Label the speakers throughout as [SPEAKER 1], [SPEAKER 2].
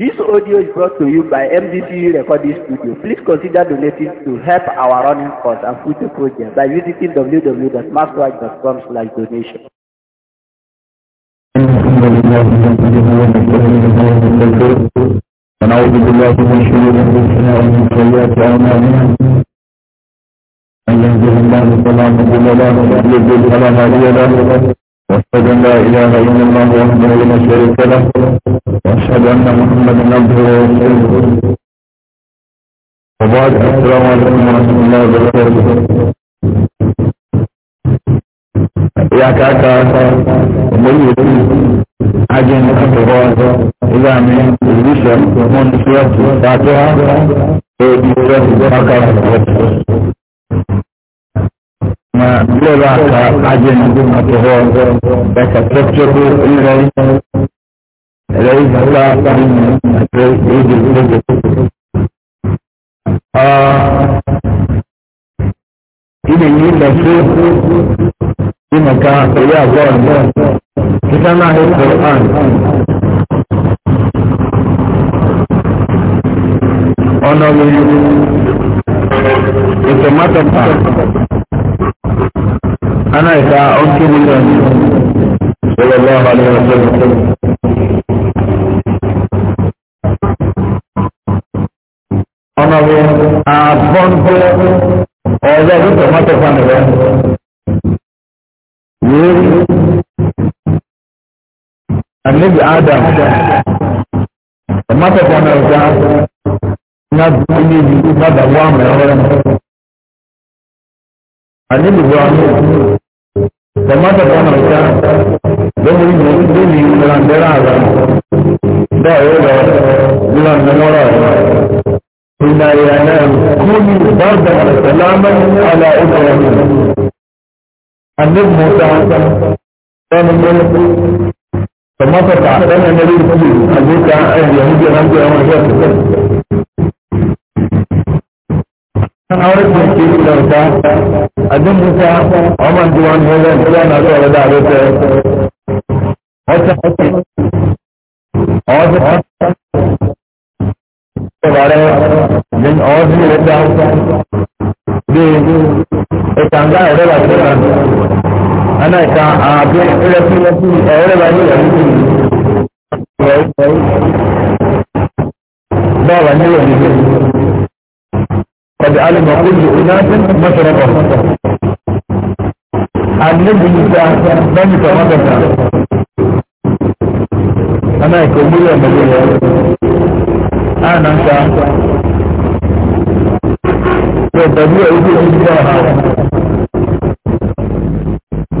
[SPEAKER 1] This audio is brought to you by MDCU Recording Studio. Please consider donating to help our running costs and future projects by visiting www.maxwatch.com slash donation. ونعوذ بالله واشهد ان لا اله الا الله وحده لا شريك له واشهد ان محمدا عبده ورسوله وبعد السلام عليكم ورحمه الله وبركاته يا كاكا وميتي عجن الأفراد إذا من البشر من سياسة ساعتها ويجب أن يكون leba ka ajin atuho daga tattaku irai rai zata kan rai ejin rai a ilin yi da su yi maka ɗaya abuwan kita na yi ƙoran ọ̀nà wuri ita matata أنا إذا أنتم الله صلى الله عليه وسلم ọmọ wo àbọ̀nbọ̀ ọ̀rẹ́ ló tọ̀ mọ́tò fún mi rẹ̀ yìí àníbi adam tọ̀ mọ́tò fún mi rẹ̀ ní àbúrò níbi ìgbàdàwọ̀ àmì ọ̀rẹ́ annabi ibrahim da mata kwana wuta don wuri da wani dole milan da raza da yau da milan da nora inna yana kuni barda da salaman ala ibrahim annabi musa wani mulki da mata ta ɗan yanayi a duka a yahudi ran da yawan yau Àwọn ọ̀rẹ́ ti ń ṣe ìgbà ọ̀tá. Àdínmúta ọmọ ìdí wọn ní ọjọ́ ìjọba náà tó ọ̀rẹ́dà ló tẹ. Ọ̀tá ọ̀tá ọ̀tá ọ̀tá rẹ̀ ní ọ̀ọ́dún rẹ̀ dá bí ìtàǹgá ẹ̀rọ wà tó rà. Aná ìka àbí ẹ̀rẹ́fí ẹ̀rọ wà ní ìyàwó ìlú. Bọ́ọ̀lù ní ìyàwó ìlú. قد علم كل اناس مشربهم النبي يسعى من تمدد انا يكون لي مجال انا انت وبديع يجي الانسان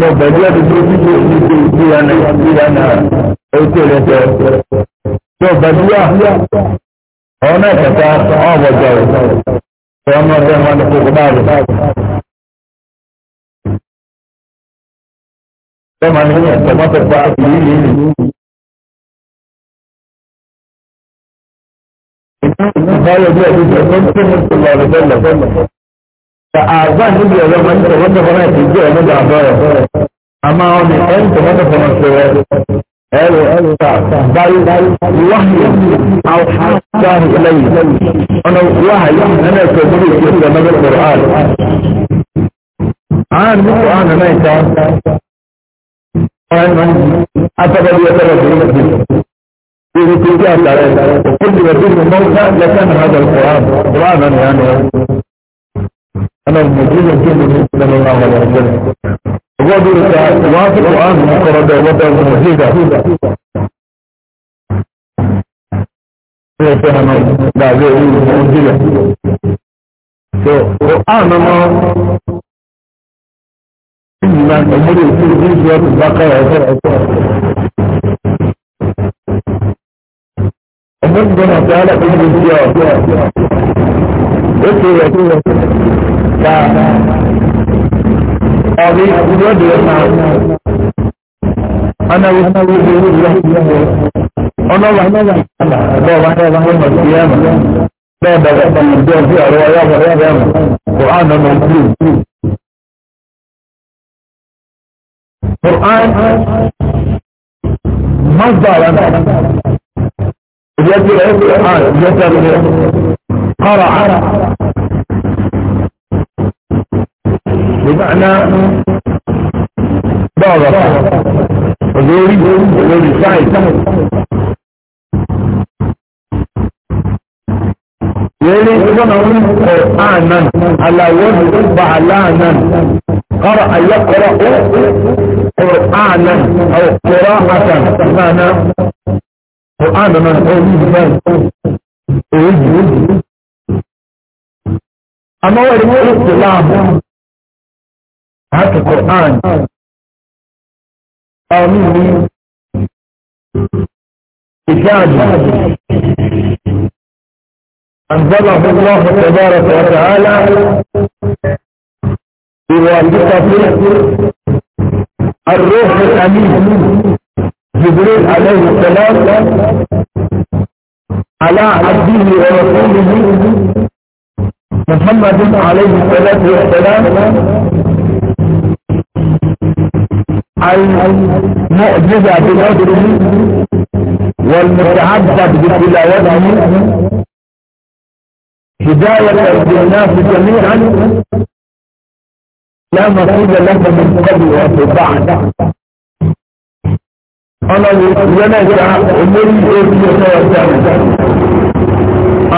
[SPEAKER 1] وبديع يجي يجي يجي انا يجي انا اقول لك وبديع هناك تعرف اه وجاوب ọmọ ọdẹ wọn lè kókó báyìí báyìí. bẹ́ẹ̀ máa ní ẹ̀sẹ̀ mọ́tò pa ìlú yìí nìyí. báyọ̀ bí ẹ̀sìn tó ń tún ní ìtura rẹ̀ bẹ́ẹ̀ lọ́sẹ̀. ka àgbà níbi ọ̀rọ̀ máa ń tẹ̀wọ́tẹ̀ fọ́nà ìtìjú ẹ̀ nígbà àbọ̀ rẹ̀. àmọ́ ọ̀nì ẹ̀ ń tẹ̀wọ́tẹ̀ fọ́nà ìtìjú rẹ̀. أو بل وحي أو حتى إليه أنا وحي أنا كبير في سبب القرآن عن القرآن ما يتعلم أتبع يتبع في تلك الطريقة كل وزير الموتى لكان هذا القرآن قرآنا يعني أنا المجيد الجنة صلى الله عليه وسلم وذلك واثق عنه مقرد وطن مزيدا يتهم بعده مزيدا فقرآن ما إنما أمر في سورة البقرة أمر بنا تعالى في الجزيرة ذكر يقول ọ̀rí ìwọ́de ọ̀nà ọ̀nàwó ọ̀nàwó ìwé ìwé ìwé ọ̀nàwó ọ̀nàwó ọ̀nàwó ọ̀nàwó ọ̀nàwó ọ̀nàwó bẹ́ẹ̀ bẹ̀rẹ̀ pẹ̀lú bí ọdún ọ̀rọ̀ ọ̀yọ́mọ̀ ọ̀yọ́mọ̀ quran ọ̀nà ìlú quran مصدر يجري القرآن يجري قرأ بمعنى ضابط ولوري ولوري سايد يلي يكون قرآنا على وزن بعلانا قرأ يقرأ قرآنا أو قراءة معنى قرآن من قوله أما هو الإسلام haka Qur'an amin ne kitabu أنزله الله تبارك وتعالى بواسطة الروح الأمين جبريل عليه السلام على عبده ورسوله محمد عليه الصلاة والسلام المعجزة بقدره والمتعبد بتلاوته هداية للناس جميعا لا مصيبة لك من قبل وفي بعد أنا ونجع أمري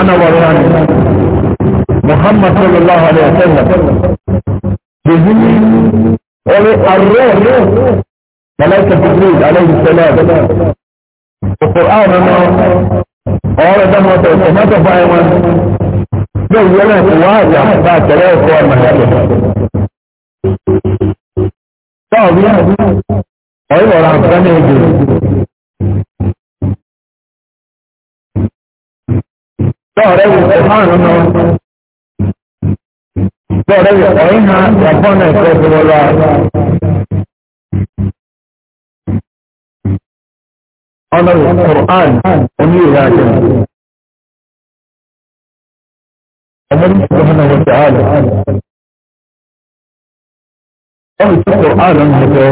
[SPEAKER 1] أنا وريان محمد صلى الله عليه وسلم بذنين ومن الروح ملائكة جبريل عليه السلام القرآن ما قال ده ما تسمعت فاهما ده يلا واجع بعد ثلاث صور ملائكة طب يا ايوه ربنا يجي ده رجل سبحان الله Bọ́ọ̀rẹ́ yọ̀kọ̀ ìhà ẹ̀fọ́n náà ẹ̀fọ́ ìfowó lọ. Ọlọ́ Kùrán oní ìwé àjẹ́. Ọmọ ní ìfowó náà wọ́n ti àlọ́. Ọmọ ìfowó Kùrán ń hẹ̀jọ́.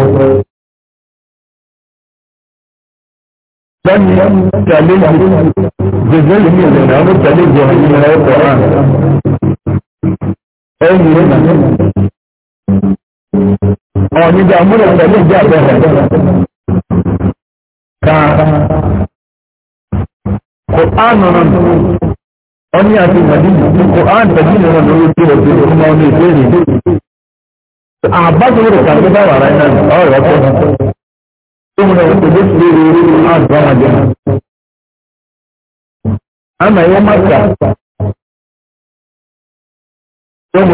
[SPEAKER 1] Lẹ́yìn tẹ̀lé jẹjẹrẹ mi ìrìnà, ọmọ tẹ̀lé jẹjẹrẹ mi ìrìnà ọ̀pọ̀ àná. ẹ̀yìn náà ọ̀nìjà múlẹ̀ pẹ̀lú ìjà bẹ̀rẹ̀ ka kòránù náà ọ̀nì àti ìmọ̀dínà kòránù pẹ̀lú ìrìnà lórí ìbéèrè tó ń mọ ní ìbéèrè àbájọ rẹ̀ kàdé bá wà láyé náà ọ̀rọ̀ ọ̀pọ̀ tó tó يوم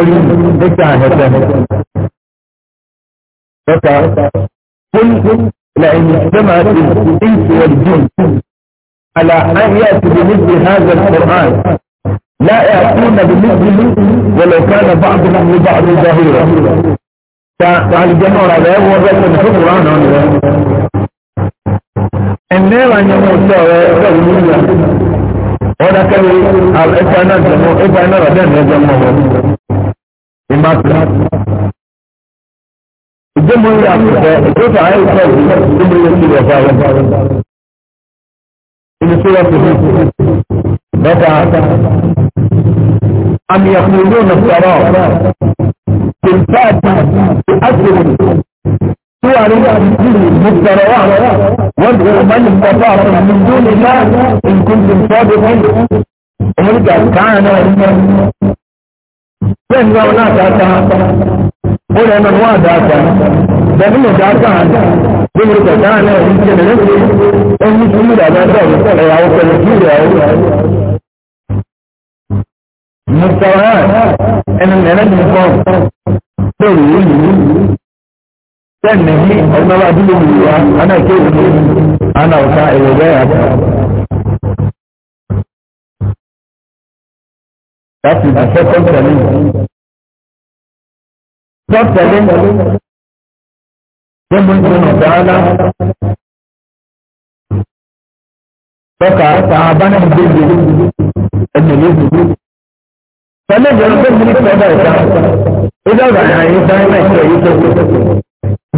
[SPEAKER 1] لأن اجتمعت الإنس والجن على أن يأتي بمثل هذا القرآن لا يأتون بمثله ولو كان بعضهم لبعض ظهيرا فعلى الجمهور على هو بس القرآن عنه النار أن يموت ويقول ولا كان الإبانة الإبانة ردان يجمعهم ìmá tó. ìdímú ilé àkùtẹ ìdókòtò àyíká ìdímú ilé ti rẹ̀ fáwọn. ìlú tó wọ́n ti rí bẹ́ẹ̀ka àmì ẹ̀kún ìlú nàìjíríà kì í sáàtì kì á sì rìn. Tí wàá rí àdìsílì ní sọ̀rọ̀ wà wọ́n ti rẹ̀ mọ́ni pọ̀pọ̀ àti ìdúró nígbà nǹkan tó ń sọ́dún fún ìlú. Òmùdíjà kàá náà ń bọ̀ bẹ́ẹ̀ ni wọn náà dáadáa ó lè nà wọn dáadáa bẹ́ẹ̀ ni dáadáa bẹ́ẹ̀ ni dáadáa náà ń jẹ́ lẹ́yìn ẹni tí mo dàgbà bẹ́ẹ̀ ni ẹ̀yàwó pẹ̀lú kí ìyàwó. mùsàlá ẹni mẹ́rẹ́ mi kọ́ bẹ́ẹ̀ ni yìí ọ̀gbọ́n wa dúró wù wá aná ìkéwòn ní aná ọ̀sán ìwé That is the second challenge. Third challenge, Jẹ́bùn tó nà dáná. Tọ́ka àwọn abáná ìgbéjì ẹ̀mẹ̀lẹ́ ìdúró. Pẹ̀lú ìjọba tó ń bí ìtọ́jà ìta, ó dábàá ní àyè dáná ìṣẹ̀ yìí tó kú.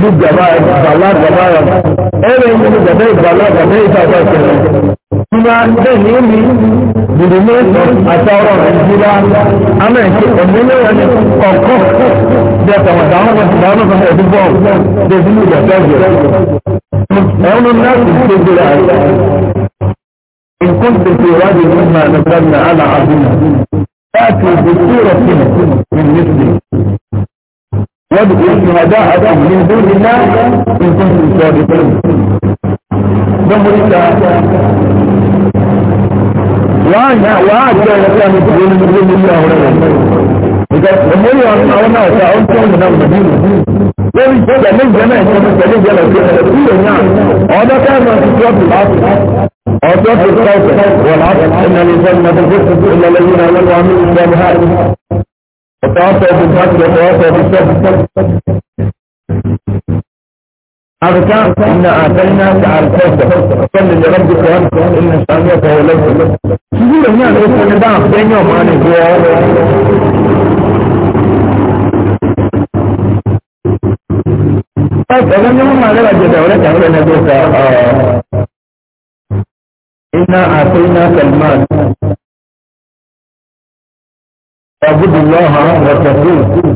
[SPEAKER 1] Bí gàbá ìgbàlá gàbá rẹ̀, ẹ̀rẹ̀ ìgbàlá gàbá ìta ọ̀gá ìṣẹ̀lẹ̀. Ìgbà bẹ́ẹ̀ ni ó ní bùrùmí àti ọrọ nàìjíríà amẹ́ǹkì ọ̀gbìnlẹ́wọ̀n kọ̀ọ̀kọ́ bí ẹ̀sẹ̀ wọn dáhùn wọn dáhùn wọn ẹ̀dí bọ́ọ̀lù débi ní ìgbà tẹ́lẹ̀ ẹ̀wọ̀n náà sì ń tóbi rà ẹ̀ إن كنت في وادي مما نزلنا على عبدنا فأتوا بسورة من مثله وادعوا شهداءكم من دون الله إن كنتم صادقين wáyà wáyà jẹ́ ẹ̀ka ní ti wọ́n ní ilé ní ilé àwọn ẹ̀rọ. Ìgbà ìmọ̀lẹ́ àwọn àwọn náà ta ọ̀n tó ń nà mọ̀ nínú. Lórí ìgbà méjì náà ẹ̀ka ní pẹ̀lú ìjọba ìjọba ìjọba ìjọba náà ọ̀dọ́ káàmà ti tọ́ ti láti. Ọjọ́ ti tọ́ ti wọ̀n láti ẹ̀nà ní sọ́ni náà tó ti tún ilẹ̀ lẹ́yìn náà lọ́wọ́ àmì ìjọba أنا إن أعطيناك عرفة صل لربك وانت إن شانيك هو لك شديد هنا الإسلام يدعف بين يوم عن الجوار طيب، إنا المال فاعبد الله وتقول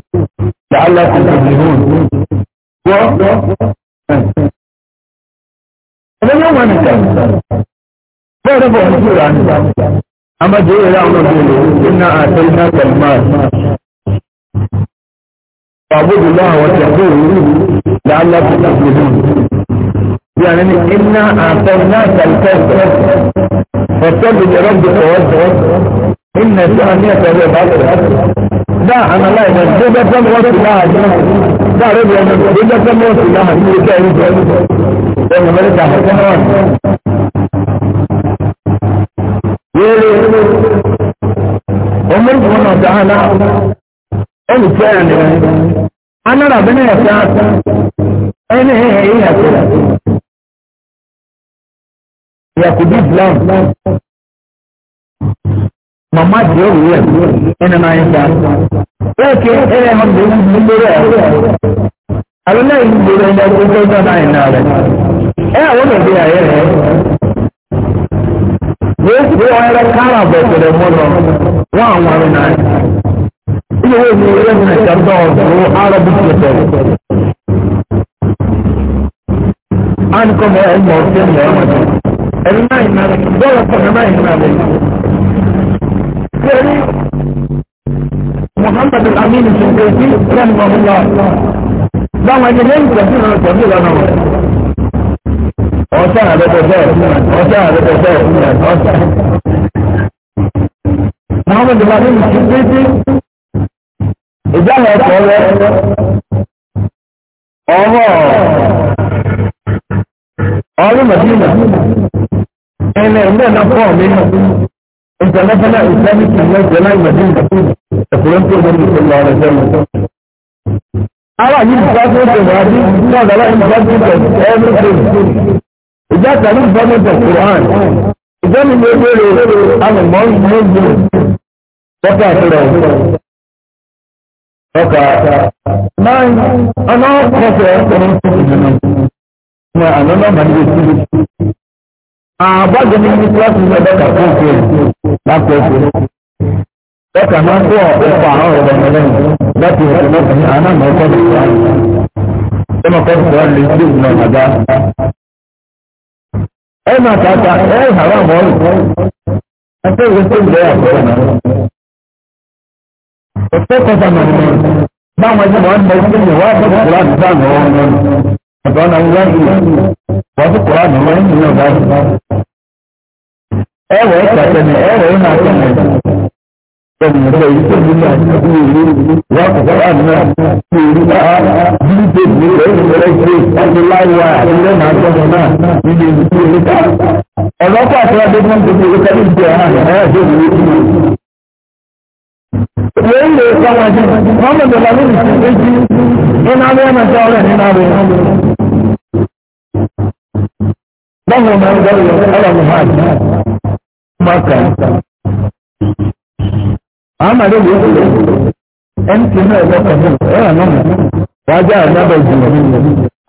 [SPEAKER 1] لعلكم تفلحون ẹgbẹ́ náà wà nìkan bẹ́ẹ̀ rẹ̀ bọ̀ ní ìṣòro àná àmọ́ jẹ́ ìrẹ́ àwọn ọmọ ìlú iná àti iná tẹ̀lẹ́mà Fàbúdù láwọn tẹ̀kọ́ òwúrú lálẹ́ pàtàkì bí a ní da ana lai da dogon san wasu lahadi da rabu yana dogon san wasu lahadi ne kai rufe don amerika hakan wani yere umar kuma ta hana wani tsaya ne ana rabu ne ya sa ainihin ya yi ya kira ya kudi islam mama jẹ òwúrẹ ẹnna máa ń ta lóòkè ẹnna ẹnna ọmọdé ń gbèrè ẹ àwọn náà ń gbèrè ẹnna ẹgbẹ tó tọ́ náà ẹnna rẹ ẹ àwọn òbí ayẹ rẹ wọ́n ti wọ́n ẹrẹ kára bẹ̀tẹ̀rẹ̀ mọ́ lọ wọ́n àwọn ọ̀rẹ́ náà ilé wo ni ẹrẹ mi nàìjíríà tó ọ̀dọ́ arabu tẹ̀tẹ̀ ànkọ́ mọ́ ẹ̀ mọ́ ọ̀sẹ̀ mọ́ ọ̀rẹ́ ẹ̀rọ náà ìnáwó dọ́là kan náà ìnáwó سيري محمد الأمين الشنقيطي رحمه الله ده ما يجرين كثير من الكثير أنا وسهل بسهل وسهل بسهل محمد الأمين الشنقيطي إجابة ọwọ́ ọ̀rọ̀ mọ̀dínà ẹ̀nà ẹ̀mẹ́ náà pọ̀ mí náà international islamic finance jama'i madina da kuranto da musulman wani jama'a awa yi bukatu da wadi na gaba in bukatu da everything ìjà tàbí government of quran ìjọ mi ní ewé rẹ àwọn ọmọ mọ́jú bọ́tà àtúrọ̀ ọkà máa ń ọ̀nà ọ̀pọ̀lọpọ̀ ọ̀pọ̀lọpọ̀ ìjọba ní àwọn ọmọ màdìbò àbájọ ní ní kíláàsì ní ọ̀dọ́kà fún òfin láti ọ̀fẹ́ ọ̀kà máa ń kó ọ̀pọ̀ àwọn ọ̀rọ̀ mẹ́lẹ́yìn láti ọ̀fẹ́ lọ́kàn ní anáàmọ̀ ọkọ̀ ní ìwà ẹ̀ máa kọ́ ìfọ̀rọ̀ lè sí ìwà ọ̀nàdá. ẹ máa tàkà ẹ hàrá àmọ́ ọ̀rọ̀ ẹgbẹ́ ìwé tó ìlẹ̀ àbọ̀rọ̀ náà. ọ̀pẹ́ kọ́ta màmá báwọn ẹgbẹ́ ọ̀dọ́ náà wọ́n yìí wọ́n ti kọ́ àná wọ́n yìí náà báyìí. ẹ̀rọ ìtàkẹ́ni ẹ̀rọ iná àtẹ̀mẹ̀ ẹ̀rọ ìtàkẹ́ni èyí tó ní náà ní ìlú wọ́n kọ́ kọ́ àná náà ìlú náà bíi tèmi lẹ́yìn rẹ̀ ṣe àti láìwá ilé náà tọ́jú náà níbi ìlú tó ní ká. ọ̀lọ́pàá àti adébọ́n tó wee le kama ji mama da eji na ta ore ni na ya bawo na ga yo ala muhaj maka ama de wo en na ga ka ni na na wa ja na ba ji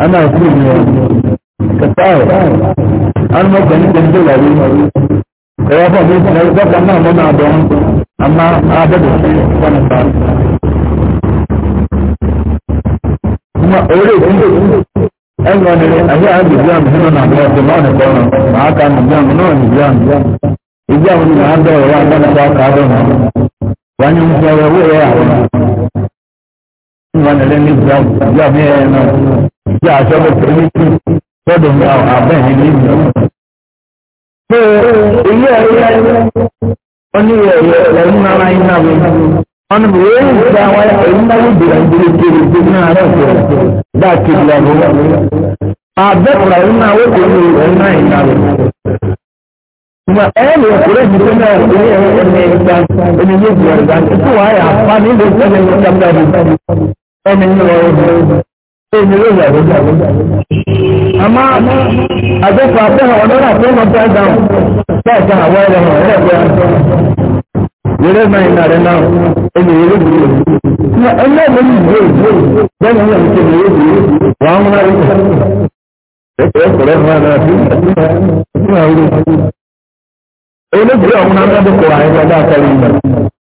[SPEAKER 1] ana ndị ụlọ la ni ka na na na amma adadu wani tsari kuma ore kun ẹnu ọdẹ ayé àgbègbè nínú nàbẹ ọdún náà nìkan náà màá ka nìgbà mu náà nìgbà mu ìgbà mu ni màá bẹ̀rẹ̀ wá nígbà tó ká bẹ̀rẹ̀ mu wọ́n yẹn ń fẹ́ wọ́n yẹ àwọn wọn lé ní ìgbà mu ìgbà mu yẹ náà ìgbà aṣọ bẹ̀ tó ní kí tọ́dọ̀ mi àbẹ̀ yẹn ní ìgbà mu. ṣé ilé ẹ̀rí wani yayin na rayu na mai wani bu yayin da wani ayin da wuce da jiri jiri jiri na ran ke da ke da bu a da rayu na wuce ne rayu na yin na mai kuma ɗaya ne kure ne kuma ya ne ya yi ne ya ta fa ne da ta ne ya ta da ne àmọ́ àgbẹ̀fọ́ abẹ́hàn ọlọ́run àti ọmọ bẹ́ẹ̀ dáhùn bẹ́ẹ̀ kan àwọ̀ ẹ̀rọ hàn ẹ̀rọ bẹ́ẹ̀ yẹrẹ máa ń náà ẹni yẹrẹ bí yẹrẹ ní mi ní ìwé ìwé bẹ́ẹ̀ ni wọ́n ti ní ìwé ìwé wọ́n ń rárí ẹ̀kọ́ ẹ̀kọ́rẹ́ náà sí ìwé ìwé olóògbé ọ̀hún náà mẹ́bí kọ̀ àyẹ̀wò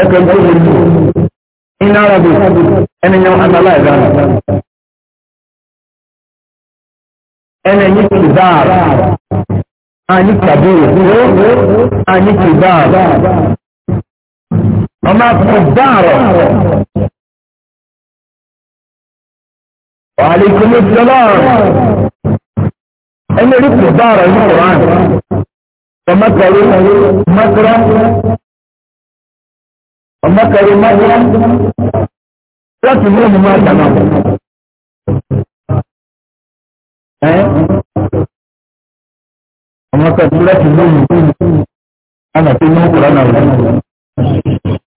[SPEAKER 1] ẹgbẹ́ tó lè tó iná rọ̀bì ẹni yan analyze ara ẹni yí kì dáàrà àní kàbí òkúrò àní kì dáàrà ọmọ kò dáàrọ̀ وعليكم السلام أنا لك دار القرآن فمكروا مكرا ọmọkẹrin mọ́tò láti mú ọmọ máa dáná. ọmọkẹrin láti mú ọmọ ana tó mú kúrò náà lọ.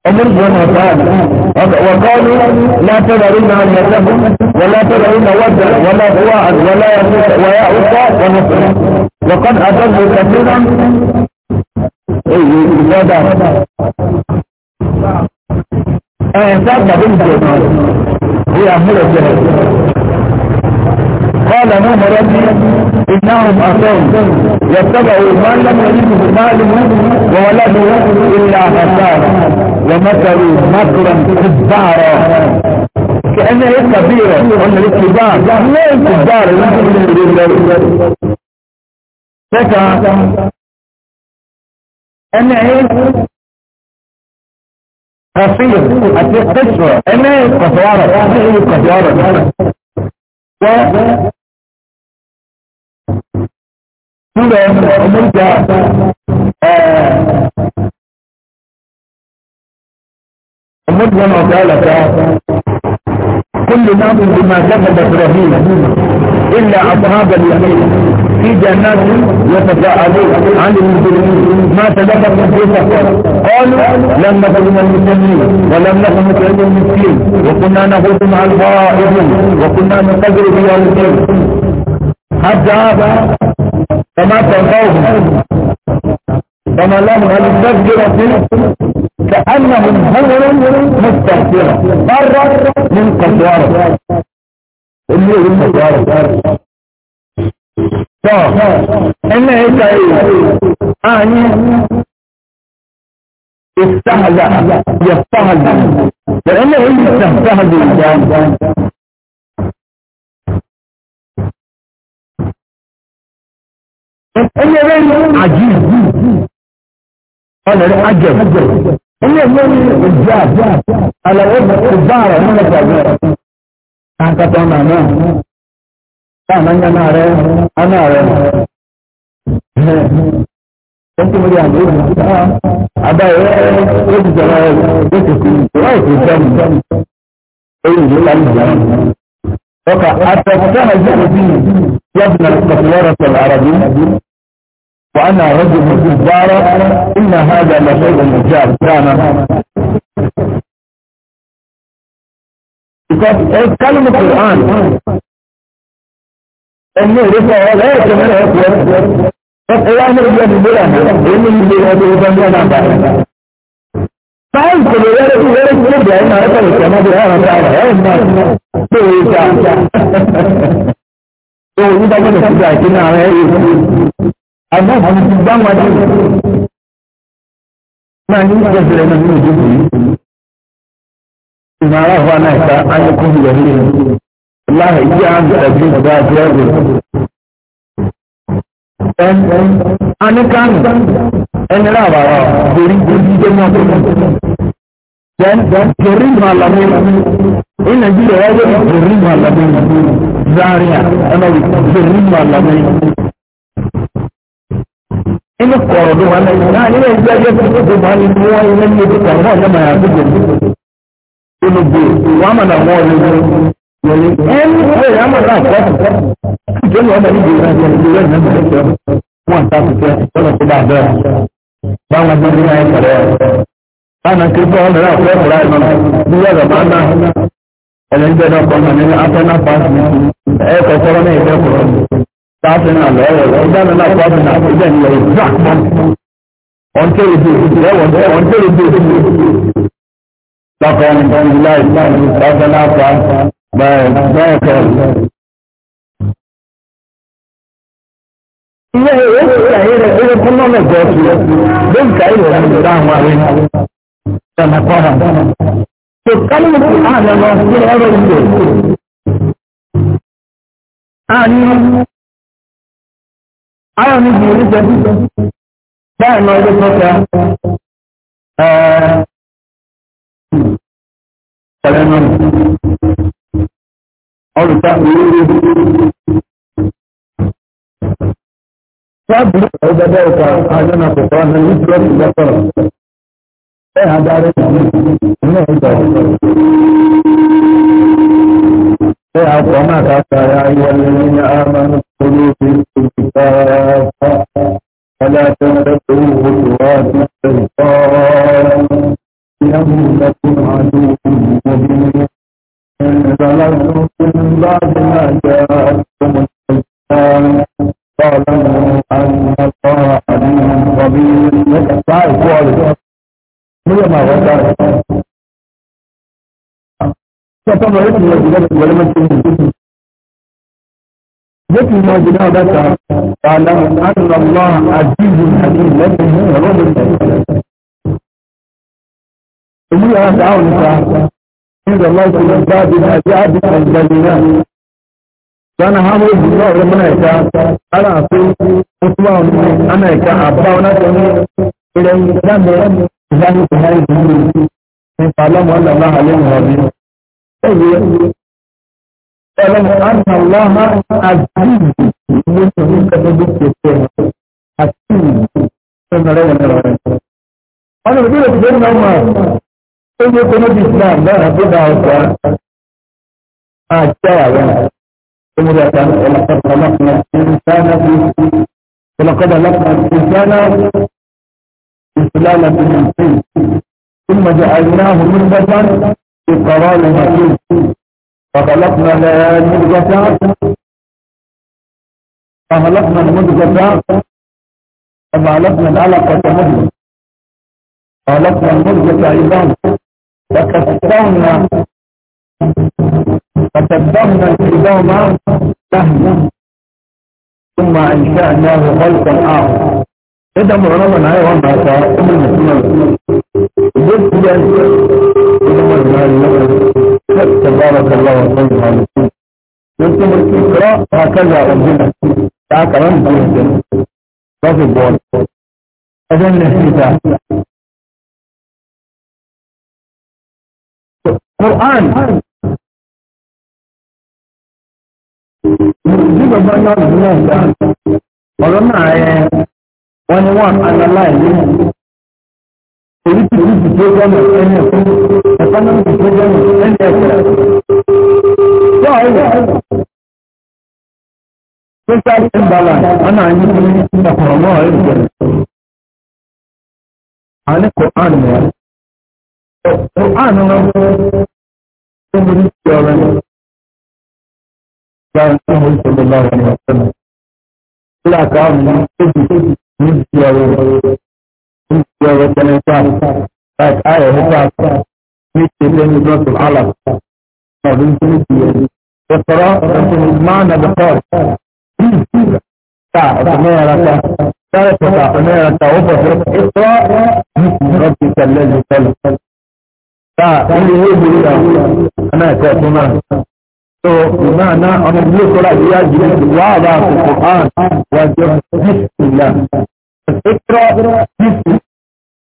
[SPEAKER 1] ọmọ ìgbọ́n náà sáà وقالوا لا تذرون أن يتهم ولا تذرون ودا ولا هواء ولا يسوس ويعوق ونصر وقد أضلوا كثيرا إيه هي قال نوم ربي إنهم أصوم يتبعوا ما لم يجده مالهم وولده إلا خسارة ومكروا مكرا كبارا كأنه هي كبيرة وأن الكبار لا الكبار فكا أنا قصير أتي قصوى أنا قصوارة أنا قصوارة و كل أمريكا أمريكا وقالت كل نام بما كتب ابراهيم إلا أصحاب اليمين في جنات يتساءلون عن المجرمين ما سلككم في سفر قالوا لم نكن من المسلمين ولم نكن نطعم المسكين وكنا نخوض مع الغائبين وكنا نقدر بيوم حتى هذا فما تلقوهم فما لهم هل فيه كأنهم حمر مستحفرة مرة من قسوارة اللي هو قسوارة طب ان انت ايه يعني استهزأ يستهزأ لان هي تستهزأ بالانسان ان عجيب قال عجب ilé ìwé ní ìjà àlàyé ìgbà rẹ̀ nínú ìgbàgbọ́ àkàtà ọmọ náà táàmà ń yànnà rẹ̀ ọ̀nà rẹ̀ ó tún rí àmì ìlú àbáyé olùjọ rẹ̀ ló ti kú láì fi jẹ́ mi èyí ìlú láì jẹ́ mi. ọkà àtẹ̀kọ́ náà jẹ́ òbí yọ̀bùnà kọ̀tùlọ́rọ̀ sọ̀rọ̀ àràbí وأنا رجل جبار إن هذا لشيء مجاب كان كلمة القرآن أنه رفع ولا يتمنى فالقرآن رجل بلاه ومن بلاد وبنجان عباره فأنت بلاد وبنجان عباره ما أتلك ما بلاد عباره ما بلاد عباره Òun ní dájú lè ṣíjà ìdínà rẹ̀ yìí. àbú àwọn ti gbá wọn dé náà ní ìjẹsẹrẹ náà ní ìdíje yìí ìmọ̀ aláwọ̀ náà ìta ayẹ́kùn ìyẹ̀ ní láàrín ìdí àǹtí ẹ̀bí ìgbà àti ẹ̀rọ. Anikanu ẹni rábà rà torí ojú tó mọ́ tó mọ́. Torí ìmọ̀ àlàmé ní Nàìjíríà wáyé torí ìmọ̀ àlàmé Zaria ẹnà torí ìmọ̀ àlàmé inú kọ̀ọ̀rọ̀ ló wà lẹ́yìn náà nílẹ̀ ìgbẹ́ ẹgbẹ́ tó tó gbogbo àwọn ìlú wọn ilé ní ojú kan wọn lẹ́mọ̀ àti gbogbo olùgbò wọn àmà náà wọn lè wọ ní ẹni pé àmà náà kọ́ ìjọ ni ọmọ níbi ìrìnàjò ìlú rẹ̀ náà lè jọ wọn ta kùtẹ́ lọ́nà tó bá bẹ́ẹ̀ báwọn gbé ní ayé kẹrẹ báwọn akéwì fún ọmọ náà fẹ́ fúra ẹ̀ náà bí yàrá bá náà ẹ̀lẹ́ńdẹ́ náà kọ́ Tásínà lọ́wọ́ ìdáná náà pàtàkì àti ìdẹ́ni lọ ìgbà ọ̀ntẹ́rẹ̀dẹ̀ lẹ́wọ̀n ọ̀ntẹ́rẹ̀dẹ̀ lọ́kọ̀ ọ̀nìkan láì tásínà pa bẹ́ẹ̀kẹ́. Ilé ìwé ìṣàyẹ̀ rẹ̀ ó kún lọ́nà gọ̀ọ́sù ló ń kàí rẹ̀ ní ìdá àwọn àrẹ ìṣànà kọ́ra. Tòkálù àná lọ sí ọ̀rọ̀ ìlú. Àní Ayọ̀ ní ìgbìyànjú jẹ́ báyìí lọ ilé tó ga ẹ̀ẹ́dẹ̀ náà ọlùta ìrírí sábì ọgbẹ́dẹ́ ìta àjọ́nà pẹ̀tọ́ ní ìtúrọ́pù lọ́pọ̀lọ́ ẹ̀ àdáre náà ìtọ̀ ẹ̀ àpọ̀ náà kàkàrà ayọ̀ ní قلوبهم كتاب فلا تتبعوا خطوات الشيطان إنه لكم عدو مبين ظلمتم بعد ما جاءتكم الشيطان فاعلموا أن الله عليم خبير تعرف هي ما وقع كما يقول ولم تكن be k he a ebegị aụ ka aa ga na ha hụ a oroma na a a na-atụ wu ụụ ana ka abaere ae ahị ala aaale ولم أن الله عزيز يمكن كتبه كتبه حكيم ثم لا ينرى أنا أقول لك سيدنا ما إن يكون الإسلام لا بدعة أجايا ثم لا ولقد خلقنا الإنسان في ولقد خلقنا الإنسان في سلالة من ثم جعلناه من بشر في قرار مكين فخلقنا المدغة فخلقنا المدغة فخلقنا العلقة مدغة خلقنا المدغة أيضا فكسرنا فكسرنا العظام سهلا ثم انشأناه خلقا آخر إذا معرضا على وضع فأمر المسلمين جدا إذا مرنا تبارك الله وخير العالمين يكتب اقرا هكذا ربنا تعالى كمان بيكتب رافع بول اذن الكتاب القران nígbà bá náà dùn náà gbà ọ̀rọ̀ náà ẹ wọ́n ni wọ́n analyze economic freedom and excellence. Yọ̀ọ̀yọ̀. Social imbalance ana anyị nwere ọkpọrọmọ eze. Anyị Koran ya. Koran nọ n'obodo isi ọrụ ya nke ọmụ nsogbu n'ọrụ ya ọsọ. Ụlọ akụ ahụ na-eji n'isi ọrụ ya. Isi ọrụ ya n'ebe a. Like ayọ̀ n'ebe a. مثل لأن دراسة العلم هذه مثل والقراءة المعنى بقارئ ساعة ثمانية ثلاثة ساعة ثمانية وفر اقرأ مثل ربك الذي خلق ساعة اللي هو بيقول أنا كاتمان بمعنى أنا بقول لك يجب الوعظة في القرآن وجب بسم الله اقرأ بسم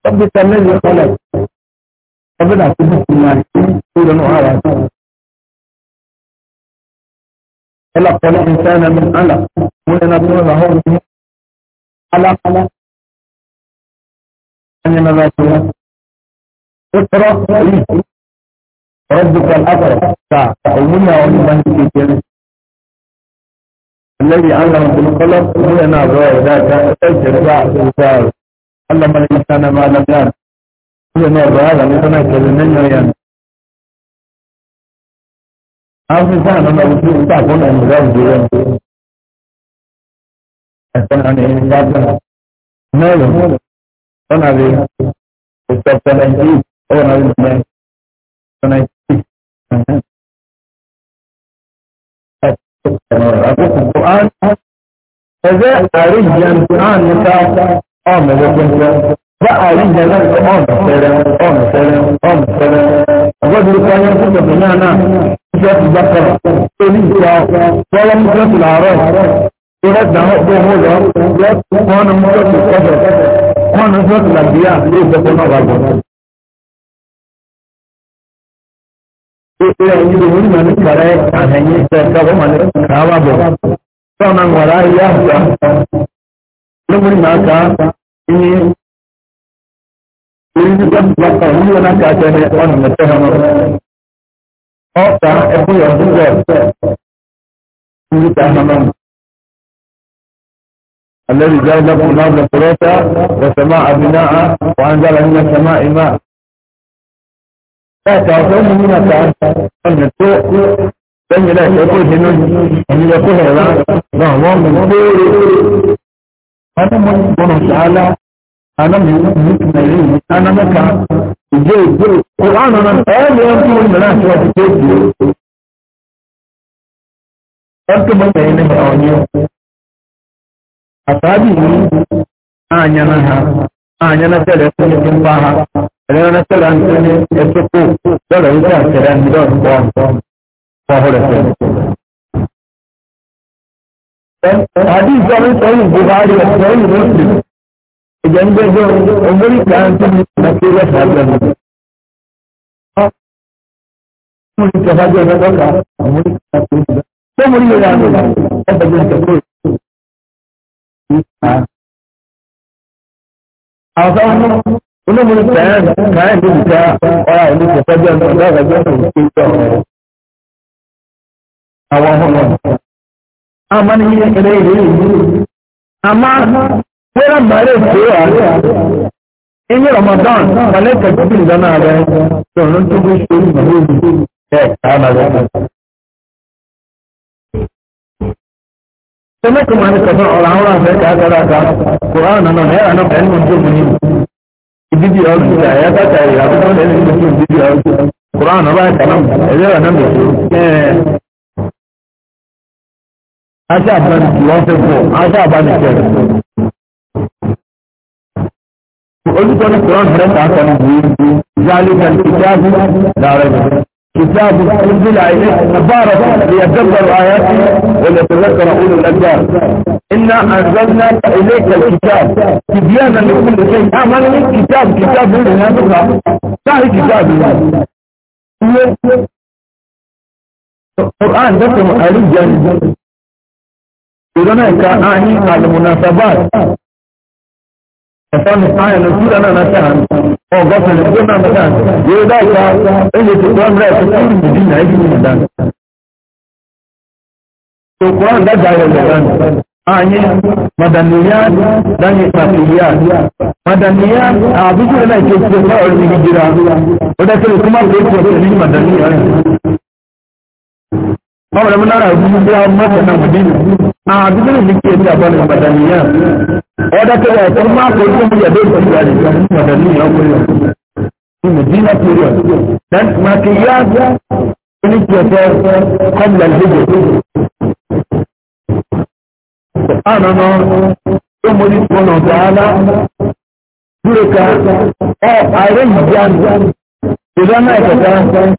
[SPEAKER 1] ربك الذي خلق قبل أن تكون مالكين سورة نعارة خلق الإنسان من علق من نبوه له من علق أن نبات الله اقرأ إليه ربك الأكبر تعلمنا ومن الذي علم بالقلب هو نابوه ذاك أجر ذاك أجر ذاك علم الإنسان ما لم يعلم Io mi guarda, mi sono messo nel mio Africa non ho più un capo nel mio giro. E poi non è in casa. Noi non avevo il tocco nel giro, o non avevo il sono in giro. القرآن فذا أريد أن القرآن نتاع أمر وكنت báàrí ìjẹ̀lẹ̀ ọ̀nà fẹ́rẹ̀ ọ̀nà fẹ́rẹ̀ ọ̀nà fẹ́rẹ̀ ọgọ́dúró kọ́yẹ́ fún ọ̀dọ̀ náà náà iṣẹ́ ti gbàkọ̀rọ̀ torí ìgbà wọ́lọ́ mú sọ́ọ̀tù làárọ̀ tó rẹ̀ dàn ó gbọ́ owó lọ wọ́n nu mú sọ́ọ̀tù kọ́bọ̀ wọ́n nu sọ́ọ̀tù làbíyà ló gbọ́kọ́ náà wà gbọ́. Ìgbéyàwó yìí lòun nà ní kàrẹ́ àhẹ́yìn ìṣẹ̀ká wọ́n mà ní kàáwà bọ̀. Sọ́ọ̀nà ń wàrà ilé àgbà. Lómìnira ká ní Ìjọba kàtẹ́ ní ọ̀nà mẹ́tẹ́rẹ̀ mọ́. Ọ̀ta ẹkùn yọ̀ ọdún rẹ̀ ní ìtàhà náà. الذي جعل لكم الأرض قريتا وسماء بناء وأنزل من السماء ماء. فتعطون من أن السوء بين لا يقول هنون أن يقول هذا لا هو من دور هذا من سبحانه وتعالى anamọ́ka ìjẹ́ ìjẹ́ ìkùránù náà ẹ̀ẹ́lẹ́ ọdún orí mìíràn àti wọ́n ti tó jù ú. ọdún mọ́ta yẹn ní ọ̀nyẹ́ àtàbí yìí àyànà ha àyànà tẹ̀lé fún mi nípa ha ẹ̀rẹ́rẹ́ tẹ̀lé àti ní ẹ̀tọ́ kó lọ́rọ̀ yìí tẹ̀ àtẹ̀rẹ́ mílíọ̀n pọ̀ fọ́hùrẹ̀ tẹ̀lé. Àdìsọ́rí sọ́yìn Buhari ọ̀sẹ̀ yìí ló ń sìn ìjẹ́ngbẹ́jọ́ ọgbọ́n ìta tó ní ìtàkì lẹ́sà àgbẹ̀mọ̀. Wọ́n ti tẹ̀fà jẹ́ ọ̀dọ́ ká àwọn ìta tó ní. Ṣé mo rí ìrìn àjò ọ̀dọ̀ jẹ́ ìtẹ̀kọ́ ìta? Àwọn sáwọn olóògùn ìta yẹn náà ní ìta ọ̀rá ìlú tẹ̀fà jẹ́ ọ̀dọ́ àgbẹ̀jọ́ ọ̀dọ́ ìta ọ̀rọ̀. Àwọn ọmọ náà. Àwọn máa ń yí ẹgbẹ́ ìlú ìlú. Àmọ́ Wẹ́rẹ́ bàárẹ̀ tó wà inú Ramadan Malẹ́kẹ̀ tóbi ìdáná rẹ̀ tọ̀rọ̀ tó bí sórí ìlú ẹ̀ káàmà rẹ̀. Sẹ́mẹ́kù máa ń kọ̀tọ̀ ọ̀rọ̀ àwọn àfẹ́ káàkiri àká Kùránà náà ẹ̀rà náà bẹ̀rẹ̀ mọ̀ tó mú ní ìdíbi ọ̀rọ̀ ìjà ẹ̀yà bàtà ìyà àbúkọ́ lẹ́nu ìdíbi ìdíbi ọ̀rọ̀ Kùránà bá kàná ẹ̀rẹ́rà náà mẹ̀tò Aṣáàbánikẹ̀ wọ́n fẹ́ fọ́, aṣáàbánikẹ̀ olùkọ́ ní kúrọ́n fẹ́ sàkọ́ ní ذلك الكتاب لا ريب كتاب انزل اليك مبارك ليتدبر اياته وليتذكر اولو الالباب انا انزلنا اليك الكتاب تبيانا لكل شيء امن كتاب كتاب لنا نقرا صحيح كتاب القران ده مقاليد جانب اذا انا كاني على المناسبات ẹ̀fọ́nì ayọ̀ ló kúrò náà náà sáà ọgọ́sàn ló kúrò náà sáà yóò dáìka ẹ̀yẹ tó kúrò náà tó kúrò nìdí náà ẹ̀jú nìyí dáa. tó kúrò náà dájà ayọ̀ ló dáa anyi madaniya dani tafiya madaniya abuju yana ke ce ba wani ni hijira wadda ke kuma ko ko ni madaniya ba wala mun ara abuju ya mata na madina a bisirin da ke da bane madaniya wadda ta yau kuma ko kuma ya dai kuma da madaniya kuma ni madina period dan makiyas ni ke ta qabla al-hijr ana no to mo ni ko no dala dureka o oh, are yan idan na ta ta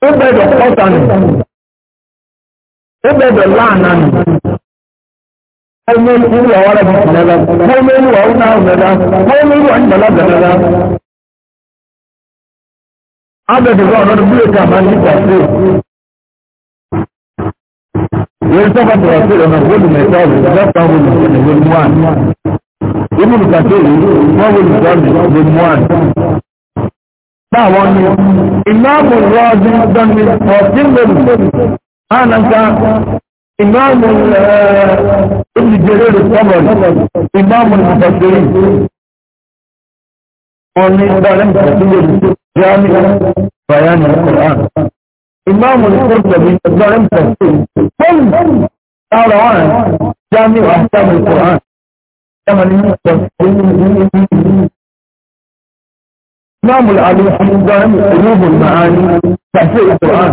[SPEAKER 1] ko da ko ó gbọ́dọ̀ láàánà nù. Mọ́lẹ́ irú àwọn ọ̀rẹ́ mi kùnà lọ, mọ́lẹ́ irú àwọn ọ̀nà ọ̀rẹ́ lọ, mọ́lẹ́ irú àwọn ìgbàlá bẹ̀rẹ̀ lọ. Abẹ̀dẹ̀gbọ́ ọ̀nà bí ètò àmà ní ìgbàsí. Yẹ́n sọ́kà tọ̀rọ̀ sí ọ̀nà gbọ́dọ̀ mẹ́ta ọ̀rẹ́ lọ́pàá wọn ní ìgbẹ́ mú àn. Ibi ìgbàsí yìí, wọ́n wọ́n ìgbà mi ìgbẹ́ mú àn. Báwọn ni, ìmáàmù rọ́ọ̀dún dánmi ọ̀dún lónìí. Ánàkà ìmáàmù olùjẹ́rẹ́ rẹ̀ sọ́bọ̀ ìmáàmù ìfọ̀sẹ̀rẹ̀. Wọ́n ní ìbálẹ̀ ìfọ̀sẹ̀rẹ̀ jáàmì Bayani Al-Qur'an. Ìmáàmù ìfọ̀sẹ̀rẹ̀ ìbálẹ̀ ìfọ̀sẹ̀rẹ̀ fún ọ̀rọ̀ wọn jáàmì Ahkam Al-Qur'an. Jáàmì ìfọ̀sẹ̀rẹ̀ إمام العلي حمدان قلوب المعاني تحفير القرآن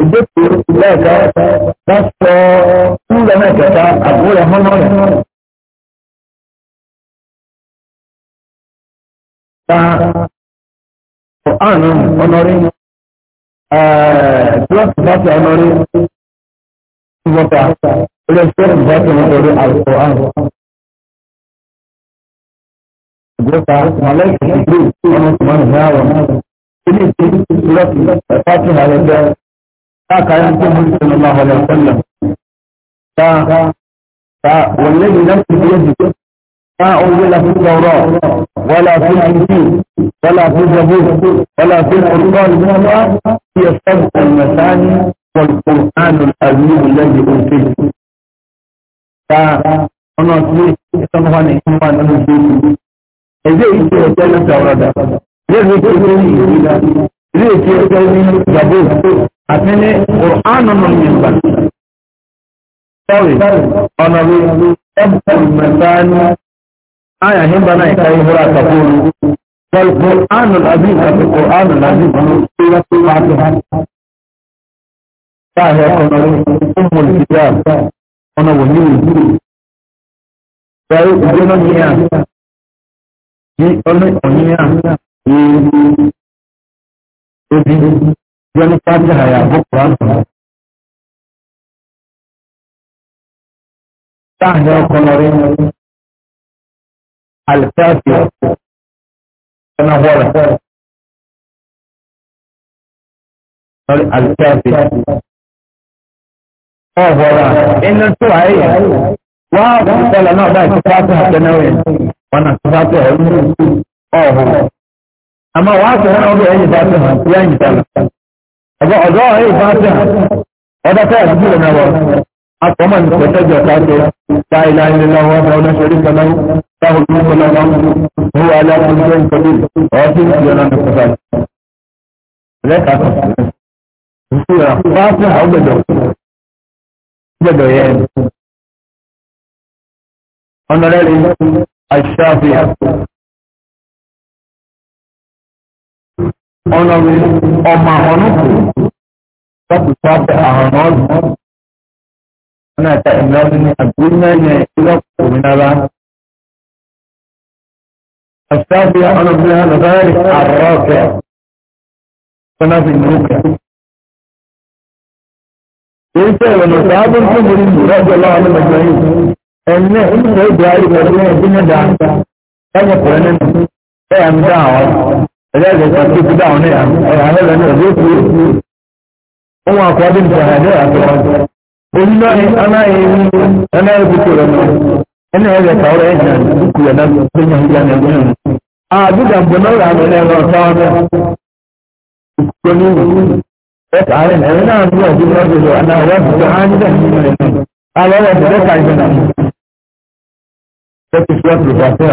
[SPEAKER 1] ìgbésẹ̀ lẹ́ẹ̀ka wọ́n sọ fúnra náà kẹta àbúrò rẹ̀ mọ́nà rẹ̀. ta ọ̀hánà ọ̀nọ́rí ẹ̀ẹ́dúrọ̀tì bàtì ọ̀nọ́rí ìwọ̀ta ilé-iṣẹ́ bàtì ọ̀nọ́rí àwùjọ àrùn. Ìgbésà Màlẹ́kì ìlú ìlú ọmọ ìmọ̀ ìyá àwọn ilé-iṣẹ́ ìlú ìlú ìlú ìlú ìlú ìlú haka ya ce mun sallallahu alaihi wasallam ta ta wallahi nafsi biyadihi ما أنزل في التوراة ولا في الإنجيل ولا في الزبور ولا في القرآن هو هي الصدق المثاني والقرآن العظيم الذي أنزل فأنا أصلي سمعان إيمان أنزل إذا إيش يتكلم التوراة إذا إيش يتكلم إذا إيش يتكلم الزبور àtẹnẹ ọ̀hánà nọ nyìmbà sọ́rì ọ̀nà wí ẹ̀bùn mẹ́tàánú ayà hìmbà náà ìka ìhúra àtàkùnrin sọ́rì ọ̀hánà àbí ìkàtí ọ̀hánà àbí ìkàtí pàtó sáàhẹ́ ọ̀nà wí ọmọ ìdíjà ọ̀nà wò ní ìlú sọ́rì ìjọba ní yà ní ọ̀nà ọ̀nìyà ní ebi wani fatiha ya bukwa sáàni ọkùnrin alifáàfì ọ̀nà wọ́ọ̀rọ̀ sọ́rí alifáàfì ọ̀wọ́ra iná tó ayé wá ọ̀pọ̀lọ̀ náà báyìí tó fáàfì àtẹnáwẹ̀ wọn àti fáàfì ọ̀hún ọ̀hún àmọ́ wàá sọ̀rọ̀ ọ̀bẹ̀ ẹ̀yìn fáàfì hàn sí ẹ̀yìn fáàfì ọjọ́ ọjọ́ ẹ̀yìn fàájà ọjọ́ tẹ́ àti jùlọ náà wọ akọ̀ọ́mọ̀ ní pẹ̀tẹ́jọ káàkiri láìlá ilé lọ́wọ́ ọ̀dọ̀ oníṣẹ́rí kanáà táwọn olùkọ́ lọ́wọ́ ní wà aláàbòjọ́ ìkọ́lé ọdún ìjọ náà nípa lẹ́ka ìṣúra fàájà ọgbẹ̀dọ̀ gbẹ̀dọ̀ yẹ ọ̀nà rẹ̀ rí ọlọ́run ọmọ àwọn ọlọ́run lọ́pù sọ́ọ̀bù àwọn ọlọ́run wọn àti ìlọrin ní àgbéyẹ̀yẹ ìlọ́pù òmìnira. السابع أنا من هذا ذلك الرافع فنفي النوكة ليس ونصاب الحمر رضي الله عنه مجمعين أن إنه يدعي بأسنة الدنيا دعا كان يقولنا فأمدعوا ẹlẹ́gbẹ̀ẹ́ pàtó ti dáhùn ní àmẹ́lẹ́ ní ọdún tó wọn àkọ́dún ìṣàhàdé àtọ́wọ́ èyí náà ni aláìní aláìní kòkò rẹ̀ na. ẹni ẹ̀rẹ̀ ya ẹ̀ nà dúkù rẹ̀ náà tó yàn yàn yàn yàn. àdúgbà gbọ́nà rà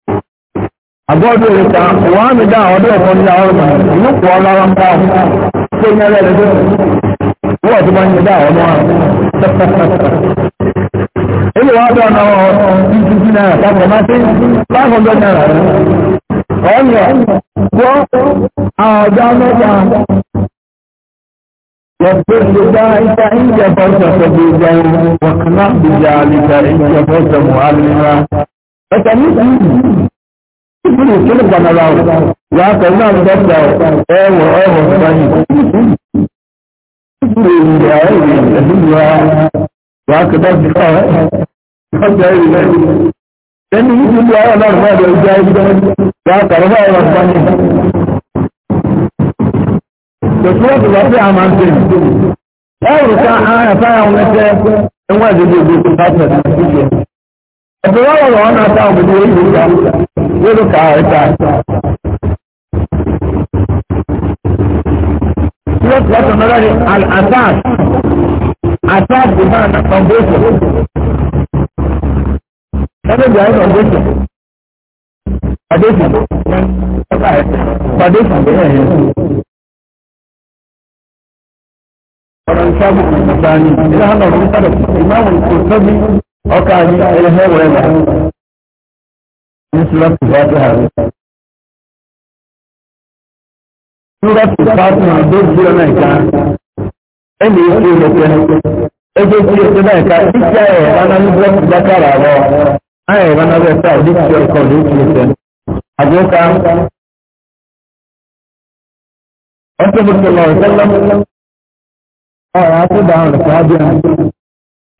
[SPEAKER 1] àbọ́dé òrùka wọ́n á mi dá ọdún ọ̀kan ní àwọn ọmọ inú kù ọlára ń bá ọ tó ní ẹlẹ́ ẹ̀dẹ́ wọ́n ti máa ń dá ọmọ wa ilé wa dọ̀ náà ọ̀ títí náírà pápọ̀ máa ti láàfọ̀ ọjọ́ náírà rẹ̀ ọ̀yọ̀ gbọ́ àjọ mẹ́ta يغفر لذلك عند فرصة بيجا وقنا بجعلك عند فرصة معلمة فتنسي ìpínlẹ̀ ìpínlẹ̀ gbanara ọ̀ wà pẹ̀lú àwọn dọ́kítà ẹ̀wọ̀ ẹ̀wọ̀ ìbáyìí ìpínlẹ̀ ìrìnlẹ̀ ẹ̀rìn ẹ̀dúnlẹ̀ wà kẹta jùlọ ọjọ́ ìrìnlẹ̀ ẹni ìpínlẹ̀ ayọ̀ náà wà lọ ìjà ọ̀pọ̀lọpọ̀ ọ̀rọ̀ wọn náà ta òbòdó ìlú ìgbà lórí ká ẹ̀ta. Ilé ìtọ́jú náà ní Al-Assad, Assad di náà na Kọ̀m̀bẹ́sọ̀. Ẹgbẹ́ ọ̀rọ̀ ìṣàbù ìgbàni ilé hàn ọ̀rọ̀ ìṣàbù ha ìkòtòbí ọkà ní ẹlẹ́hẹ́ wẹ̀ náà ní sùlọ́pù ndị na ọzọ. ọ̀rọ̀ àtúndà àwọn ọ̀rọ̀ àbí ẹ̀rọ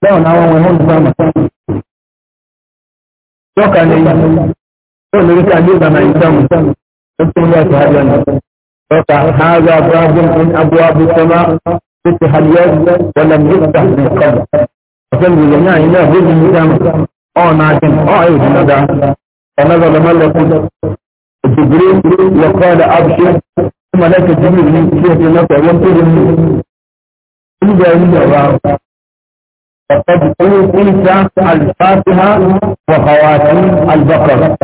[SPEAKER 1] bẹ́ẹ̀ ni àwọn ohun ìgbà mọ̀. Lọ́kà ni yóò lórí ká ní ìgbàna ìjọmù tó tún lọ sí àbí ẹ̀rọ. Lọ́kà ààrẹ abúrábùn ní abúrábùn sọ́mà tó ti hàlẹ́ wọlé mìíràn ní kọ́m. Ọ̀sẹ̀ mi yẹn náà iná bí mi nígbà mọ̀. Ọ̀n náà dín ọ̀ ẹ̀ ìdí dá. Ọ̀nà lọ́dọ̀ má lọ sí. Ìdìbò lọ́kọ́ عند عند وقد قلت انت الفاتحه وخواتيم البقره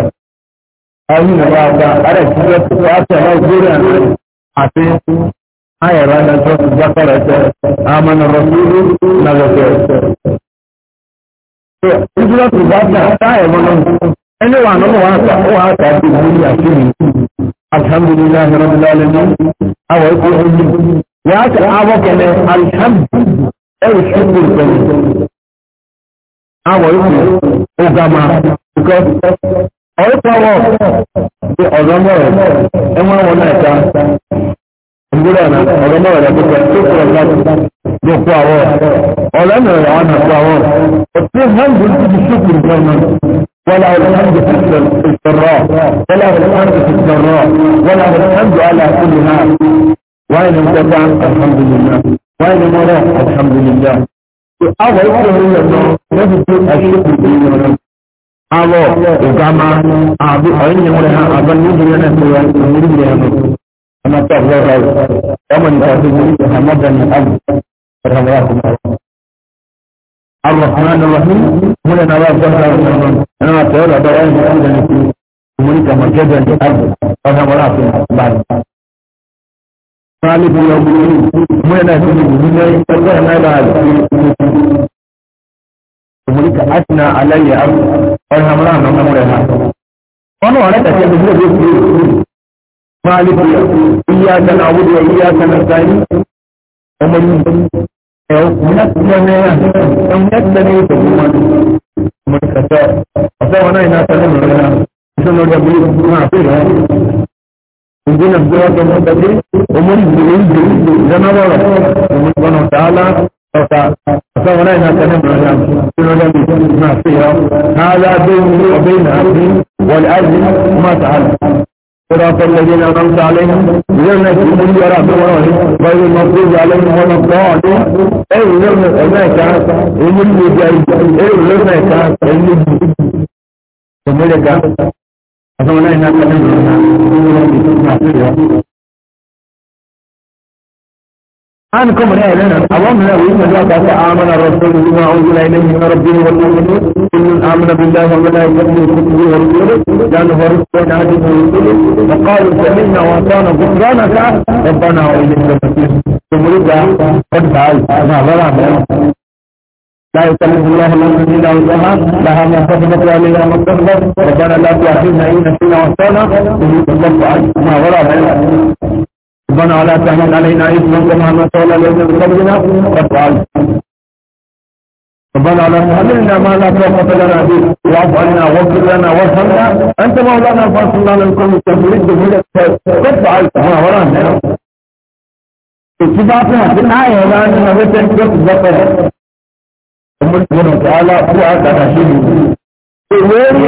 [SPEAKER 1] أين راجع أرى سورة الفاتحة وزورة حتى هاي راجع سورة البقرة آمن الرسول نغفر سورة الفاتحة تاي منهم أنا وانا وانا وانا في الدنيا الحمد لله رب العالمين أو يقول ya ce awa kene alhamdu ɗari shukur kene awa yi ogama nke ọrụkọwọ dị ọzọmọrọ enwe awọ na-eta mgbụrụ na ọzọmọrọ ya bụkwa tupu ọzọ dịkwa awọ ọzọ mere ya na kwa awọ otu hamdu dị shukur kene وله الحمد في السراء ولا الحمد في السراء وله الحمد على كل حال wáyé ní gbọ́dá alhamdulillah wáyé ní mọ́rọ̀ alhamdulillah tó awọ ìwọ̀n ní ọ̀nà lọ́dún tó ẹ̀ṣẹ́ ìgbé yọrọ awọ ìgbàmà àbí ọ̀yìn wọn ha àbá ní ìdílé náà tó yẹ ìwúrí ìdílé ẹnu ọmọ tó ọgbọ rẹ ọmọ nípa tó yẹ ìhàmọ́dà ní àbí ọ̀rọ̀ wa kò الرحمن الرحيم هنا نرى ظهر الرحمن انا ما تقول Malibu ya gudu, muna fi gudunar ƙasar na da Amurka Asina Alayya Abu, wani hamura na mamura na. Wani wani da ke da zuwa zuwa zuwa Malibu ya iyaka na wudu ya iyaka na tsari, kuma yi yau na kuma ne ya ɗan yadda ne ta kuma Amurka ta, a sa wani na sanar da rana, sanar da bulu kuma a fi الدين الصراط المستقيم هم المؤمنين جنبوا سبحانه وتعالى فهنا إذا كان الأيام ما فيها هذا بينه وبين أهله والأجل ما تعالى صراط الذين أنعمت عليهم غير المغضوب عليهم غير المغضوب عليهم ولا الضالين أي غير هناك المجاهدين أي غير هناك المجاهدين ọ̀sán ọlọ́rin náà kọ́lé ìrìn náà ó ń lọ́ọ́ ìtọ́jú àṣírí ọ́. a ní kọ́mọ̀ náà lẹ́nà àwọn mìíràn wọ́n mẹ́lú àtàkọ́ àmàna rọ̀sọ́ ní wọn àwọn ìlà ilé ìrìn rọ̀bí wọn ní wọn ní àmàna bí láwọn ọmọdé ìgbàlódé ìkùnkùn wọn ní wọn jáde hori pé náà ti mú un ọkọọlù sẹmí náà wọn sọnà gbọnà ká ọgbọnà ilé ìrìn rọ̀bí wọn ní wọn لا يكلف الله نفسا الا وسعها لها ما كسبت وعليها ما اكتسبت ربنا لا تؤاخذنا ان نسينا واخطانا وان كذبت عما غلط ربنا ولا تحمل علينا اثما كما نسال علينا من قبلنا وافعل ربنا لا تحملنا ما لا طاقه لنا به واعف عنا واغفر لنا وارحمنا انت مولانا فانصرنا على القوم الكافرين بملك قد فعلت ما ورانا اتباعنا في الايه الان نبدا في البقره ọmọdébọ̀nà tààlà fún àgbàdà ṣe lè rí. Èwé rí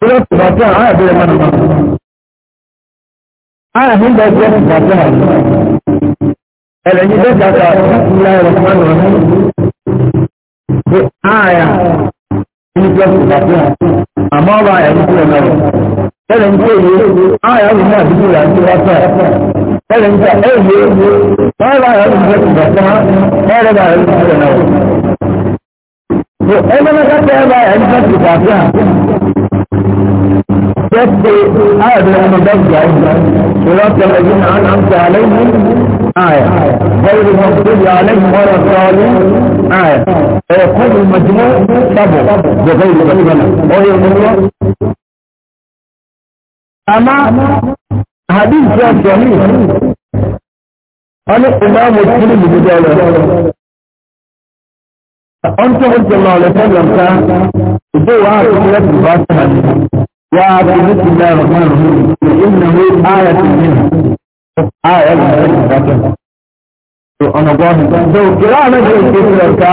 [SPEAKER 1] ṣílọ́pù bàtà àbẹ̀rẹ̀ mọ́nàmọ́. Ààrùn bẹ̀ jẹ́ bàtà. Ẹ̀rẹ̀yìn bẹ́ bàtà ìlà ẹ̀rọ mọ́nà ní. Ṣé ààyà ní ṣílọ́pù bàtà? Àmọ́ ọba ẹ̀rí sílẹ̀ náà. Ẹ̀rẹ̀ ń pè é ààyà rùn náà dúdú rà sí wáṣà. Ẹ̀rẹ̀ ń pè é ẹ̀yẹ báyìí báyìí ẹ̀rí sílẹ̀ bàtà. Ẹ̀rẹ̀ báyìí sílẹ̀ náà ẹgbẹ́mẹ́ta tẹ́ ẹgbà ẹgbẹ́ ti pàdé à jẹ́ pé ààrẹ ọmọ dọ́gba ìrọ́pẹ̀ ẹgbẹ́ آية غير المغضوب عليهم ولا الضالين آية فيكون المجموع طبع بغير مجموع وهي المجموع أما حديث يا صحيح أنا إمام السلم بجاله أنتم قلت الله عليه وسلم كان هو عارف لك باسها يا عبد بسم الله الرحمن الرحيم إنه آية منه آية من أنا ظاهر لو قراءة نجل كيف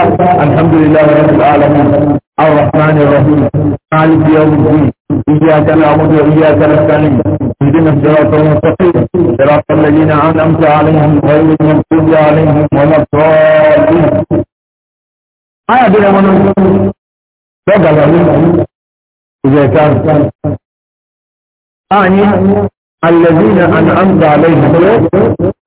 [SPEAKER 1] الحمد لله رب العالمين الرحمن الرحيم مالك يوم الدين إياك نعبد وإياك نستعين اهدنا الصراط المستقيم صراط الذين أنعمت عليهم غير المغضوب عليهم ولا الضالين قادر الذين أنعمت عليهم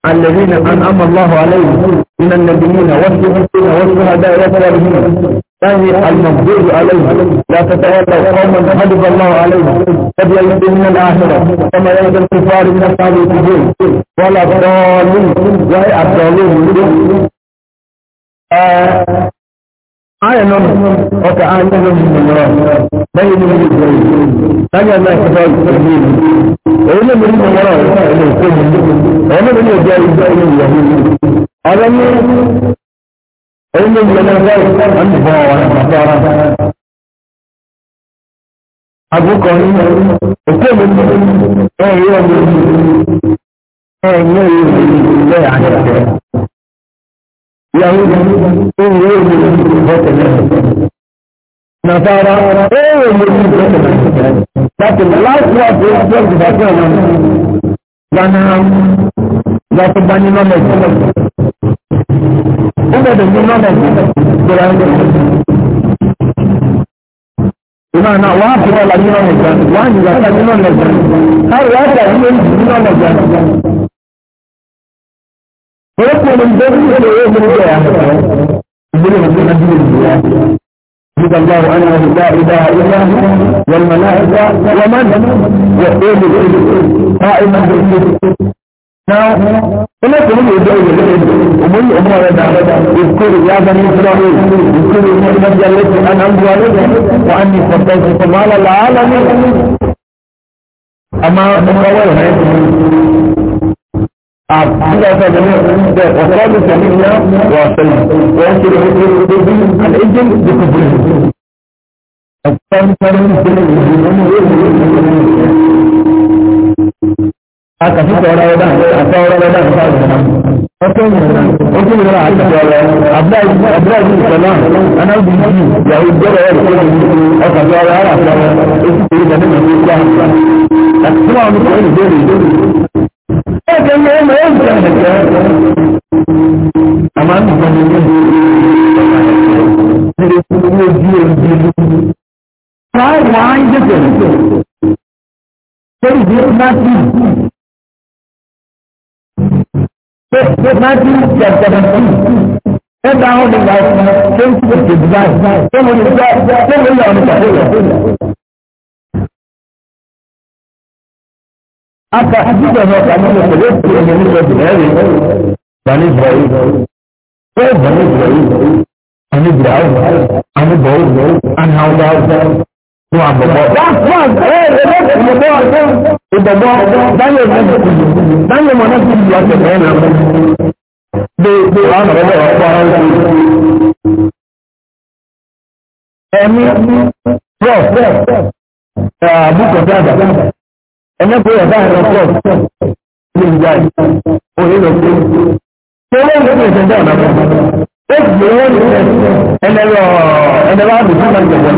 [SPEAKER 1] الذين أنعم الله عليهم من النبيين والشهداء والشهداء والصالحين ثاني المفضول عليهم لا تتولوا قوما حلف الله عليهم قد يئس من الآخرة كما يئس الكفار من الصالحين ولا ضالين وهي الضالين aya nono oka aya nono nono bayi ni ni bayi tanya na ko ba ni o ni ni ni wala o ni ko ni o ni ni bayi bayi ni ya ni ala ni o ni ni na bayi an ba wa na ba ra abu ko ni o ko ni ni o yo ni o ni ni ya ni ìyàwó ìwé òní ìgbọ́tẹ̀ náà nàfàrà ẹ̀rọ òní ìgbọ́tẹ̀ náà láti láti wà fún ọjọ́ ìgbàgbọ́ àwọn gbana láti bá ní nọ́mẹ̀ ó gbọ́dọ̀ ní nọ́mẹ̀ gbọ́dọ̀ ẹ̀rọ ìmọ̀nà wà á fún ọ̀la ní nọ́mẹ̀ gbọ́dọ̀ wà á nìyà ká ní nọ́mẹ̀ gbọ́dọ̀ ويقول البر ويؤمن بالآخرة يقولون في أدين الله يقول الله أنه لا إله إلا هو والملائكة ومن وأولي العلم قائما بالقسط Now, ولكن يدعو العلم ومن أمر يذكر يا بني إسرائيل يذكر النعمة التي أنعمت عليكم وأني فضلتكم على العالمين أما أمر عبدالله فجميع وصال سبيلنا وصلنا وانشر الإجل بكبره Aka fi tsawara wadda, a tsawara wadda a tsawara wadda. Wakin wakin yana a tsawara Abdullahi Abdullahi Salam ana biki ya yi gwada ya ce a tsawara ya tsawara ya ce da nuna ya ce. A kuma mutum ne dole ẹgbẹ́ ní ọmọ ẹgbẹ́ ẹgbẹ́ àmà ń bọ̀ ní ọjọ́ ìrìn fún owó ojú ojú ojú káà wà á ń jẹ́jẹ́ tó ìdí láti tó láti jẹjẹrẹ fún ẹgbẹ́ àwọn ìgbà ọ̀sán tó ń tó ìdí báyìí tó ń lọ nígbà tó ń lọ nígbà tó ń lọ. aka àtijọ́ náà kàní ló pẹ̀lú ètò ẹ̀yẹ ní sọ́ọ̀dì mẹ́rin bani israeli fún bani israeli ani brown ani bọ́ọ̀ ani hausa fún àbọ̀bọ̀. ìbọ̀bọ̀ báyọ̀ báyọ̀ mọ̀ náà kìí wá tẹ̀lé ẹ̀ náà bí bí àwọn ọ̀rọ̀ ọ̀pọ̀ ara ń ṣe. ẹ̀mí prof àbúkọ̀tà àgbà ẹ̀mẹ́ pé ọ̀dá ẹ̀rọ pọ̀ ní ìyá òní lọ sí. Ṣé wọ́n ń pèsè ẹ̀dá ọ̀nà kan? Ó sì lè wọ́n ní ẹnẹ̀rọ ẹnẹ̀rọ àbùkù máa ń jẹ̀bọ̀.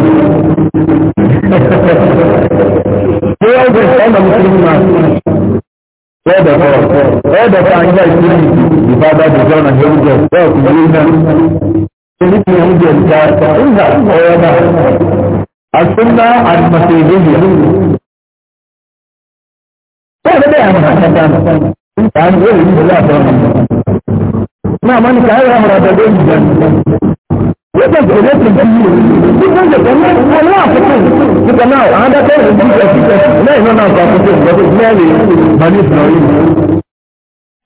[SPEAKER 1] Ṣé wọ́n pèsè ọ̀nà mùsùlùmí máa? Ẹ̀dọ̀ kọ̀ ẹ̀dọ̀ kan ń yá ìṣúlì ìbáda dùjọ́ ọ̀nà yóò jẹ bẹ́ẹ̀ kù yóò ná. Ṣèlú ti ń jẹ ìjà ìgbà ọ̀rọ̀ náà. Àṣùnà àti màṣẹ̀ ìdíje bẹ́ẹ̀ bẹ́ẹ̀ àwọn àṣàkà nípa àwọn ìwé ìlú ìlú àtọ́ náà mọ́ ní káyọ̀ àwọn àdàgbé ìjọ nígbà tó lè tẹ̀lé yìí nígbà tó lè tẹ̀lé yìí wọ́n àkókò nígbà náà àádọ́tọ̀ ìlú ìjọ ìjọ lẹ́yìn náà náà àkókò ìgbàgbọ́ mẹ́rin bani ìsìnàwó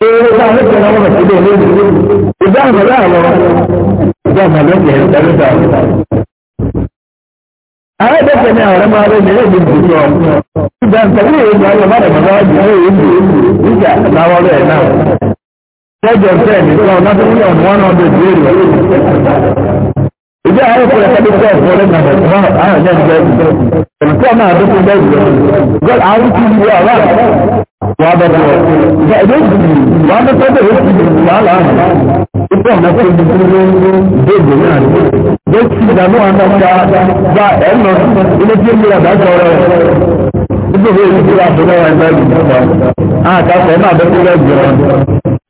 [SPEAKER 1] Ìjọba àwọn ọmọ ìṣẹ̀lẹ̀ ìlú ìjọba àwọn ọmọ ìṣẹ̀lẹ̀ ìjọba àwọn ọmọ ìṣẹ̀lẹ̀ arábẹ́sẹ̀ ní àwọn ọmọ ará ilẹ̀ èdè ìdìbò ọ̀hún ìgbà ìtọ́jú èdè ọ̀hún bá dàgbà wá jù ní èdè ìjà láwọ́ rẹ̀ náà lọ́jọ́ tẹ̀ ní sọ́ọ̀ látọ̀ ní ọ̀nà wọn náà dé ìdí èrè ìjọ àwọn ọkùnrin ẹ̀ka dókítà ọ̀pọ̀ lẹ́nu àwọn àwọn ẹ̀jẹ̀ ìjọ ìjọ ìjọ ọmọ àdókò ìjọ ìjọ ìjọ àwọn tí ìlú àwọn wà á bẹ̀rẹ̀ ìjọ ìjọ ìjọ wà á bẹ̀rẹ̀ ìjọ ìjọ ìjọ wà á là áhùn ìjọ ọmọ ẹ̀kọ́ ìjọ ìjọ ìjọ ìjọ náà ni ìjọ tí ìdánù àwọn ọ̀gá gba ẹ̀nà ilé tí ìlú àdájọ rẹ̀ ìjọ ìjọ ìjọ àbúrò ẹ̀mẹ́ ìjọba àkàtà ẹ̀nà àdókò ìjọ ìjọ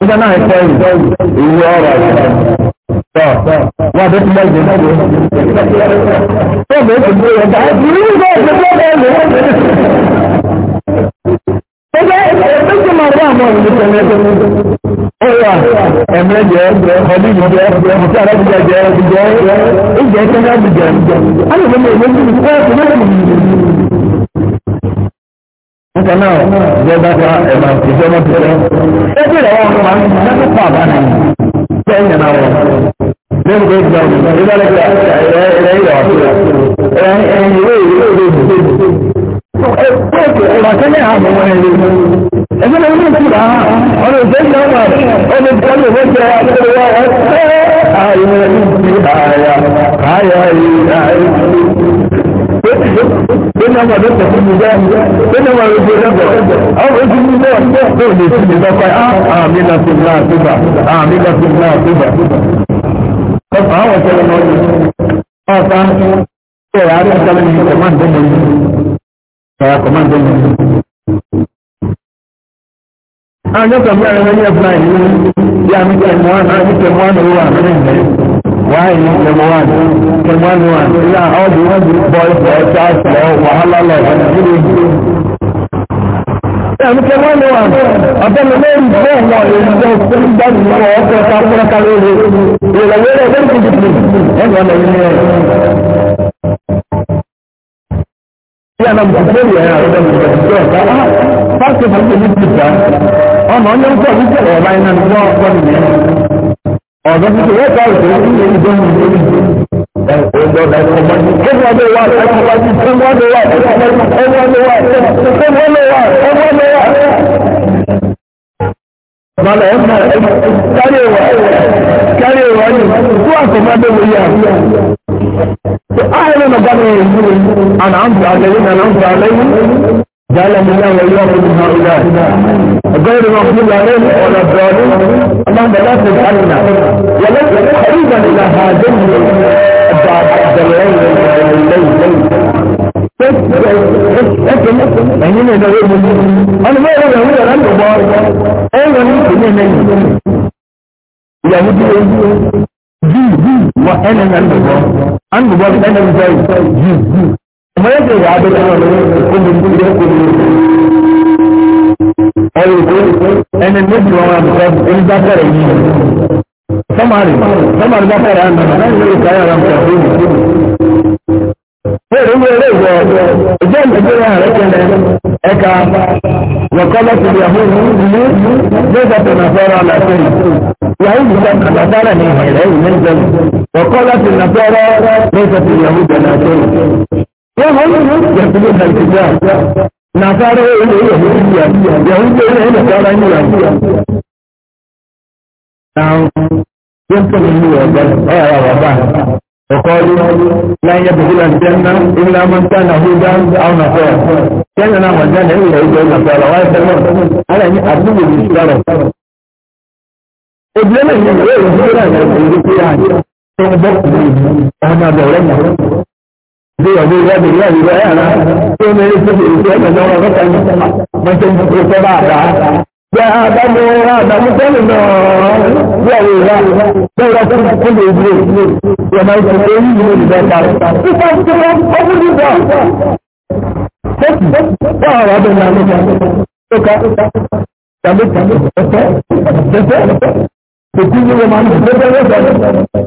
[SPEAKER 1] ìjọ náà ẹ̀kọ́ ìjọ ìwú ọ̀rọ̀ àti wà bẹ́ẹ̀ tilẹ̀ ìdè náà wò. Tó bẹ́ẹ̀ tó bẹ́ẹ̀ yẹn dáa bí wọ́n bá ẹ̀jẹ̀ bá bẹ́ẹ̀ lò. Ẹgbẹ́ ẹgbẹ́ tí màá bá àmọ́ ìlú tẹ̀lé tẹ̀lé. sẹ́yìn náà wọ̀ lẹ́nu tó gbà wọ́n ìdálẹ́gbẹ̀ ẹ̀rẹ́ ìyàwó ẹ̀yìn ìwé ìwé ìwé ìwé Ẹgbẹ́ ìwàkẹ́lẹ̀ àmọ́ ẹ̀rẹ́ ẹgbẹ́ ìwé ìtura ọ̀rọ̀ ìgbẹ́jọ́ wà ọdún tó lè wọ́n jẹ́ àtẹ́wọ́ ọ̀tẹ́ ààyè ìdí ààyà ààyà ìdí ààyè nínú ọmọ ọdún tẹ̀sí mi bẹ́ẹ̀ nínú ọmọ ọdún tẹ̀sí mi bẹ́ẹ̀ ọmọ ojú mi bẹ́ẹ̀ tó lè fi mi why number one number one one yeah all the all the boys boys guys all wahala like and really ẹnu kẹ wọn ni wọn ọdọmọ lórí bẹẹ mọ èyí tó ń bá mi lọ ọkọ ẹka fúnra ká lóore ìrọlẹ rẹ lórí kìkìkì ẹnu ọmọ yìí ni ẹ. bí a nà mọ̀ sí lórí ẹ̀yà ọ̀dọ́ mi lọ́dún tó ọ̀gá wá fásitì fún mi ní ti ọ̀nà ọ̀nyẹ́ ní sọ̀rọ̀ ọ̀la iná ní wọ́n ọ̀dọ́ títí wọ́n ká ìṣòro tí ó ń jẹ́ ìlú ọ̀dọ́ ẹ̀kọ́mọ́jú ẹ̀kọ́ ló wà ẹ̀kọ́mọ́jú ẹ̀kọ́ ló wà ẹ̀kọ́ ló wà ẹ̀kọ́ ló wà ẹ̀kọ́ ló wà. Bàbá ẹ̀ mọ̀ kárí ìwà kárí ìwà yìí tó àtọ̀mọ́dé wò yà. Ààrẹ náà bá mi rìn yìí àná àǹfààní àlẹ́ yìí àná àǹfààní àlẹ́ yìí. جعلنا الله وإياكم من هؤلاء غير المغضوب عليهم ولا الضالين اللهم لا تجعلنا ولا قريبا إلى هذين الدعوين الليلين Ẹ̀yin ní ìdáwó ìlú. Ọlọ́mọ ẹ̀rọ ìyàwó yàrá ń bọ̀ ẹ̀rọ ní ìpínlẹ̀ mẹ́yìn. Ìyàwó bí ó yí jù jù wọ ẹ̀nà ń bọ̀. À ń bọ̀ ẹ̀nà ń bọ̀ jù jù mọ́yẹ́sẹ̀ ìyá abẹ́rẹ́ náà lọ́wọ́ ìkóni ìdílé kòmí ọ̀rọ̀ ìkó ẹni méjì wọn wà nìkan ẹni dákẹ́rẹ̀ yìí sọ́mọ́rì sọ́mọ́rì dákẹ́rẹ̀ àná láti lórí káyà rà mọ́tà fún mi. Fẹ́ẹ̀rẹ̀ wọlé ìwọ ìjọ ìgbẹ́rẹ́ ààrẹ kẹlẹ̀ ẹ̀ka wọ̀kọ́lọ́ ti yàgò ìlú lẹ́gbẹ̀ẹ́ tó nà fẹ́ràn àlàfẹ́ yàrá ìgbà àlàfẹ́ ni ìhẹ̀rẹ́ ìlú ń jẹun wọ̀kọ́lọ́ ti nà fẹ́ràn lẹ́gbẹ̀ẹ́ tó yàgò ìgbà àlàfẹ́ وهم يقولون الكتاب نصارى يهودية يهودية نصارى يهودية يمكن أن يوجد آية وضعها وقالوا لا يدخل الجنة إلا من كان هودا أو نصارى كان نعم الجنة إلا هودا نصارى ويتمر على أن أبدو بالإشارة إبلنا يقول لك أنا أبدو بالإشارة أنا أبدو بالإشارة Ìgbéyàwó ìwádìí ìwé ìwé ẹ̀rọ tí ó mẹ́rin tó fèrè sí ẹ̀mẹ̀ lọ́wọ́ lọ́ta ní mọ́tò ń fòkó tó bá àdá. Jẹ́ àdámú àdámú tẹ́lù náà bí àwọn ìwà bẹ́ẹ̀rẹ̀ tó ti kúlè ìdúró ìyọ̀mọ̀ ìfòkó yìí ní ìdẹ́ta. Ìfọ̀ tí wọ́n ọkùn nígbà. Bọ́ọ̀ àwọn ọdún náà nígbà tó ká tàbí tàbí tẹ́tẹ́ tẹ́tẹ́ tẹ́tẹ́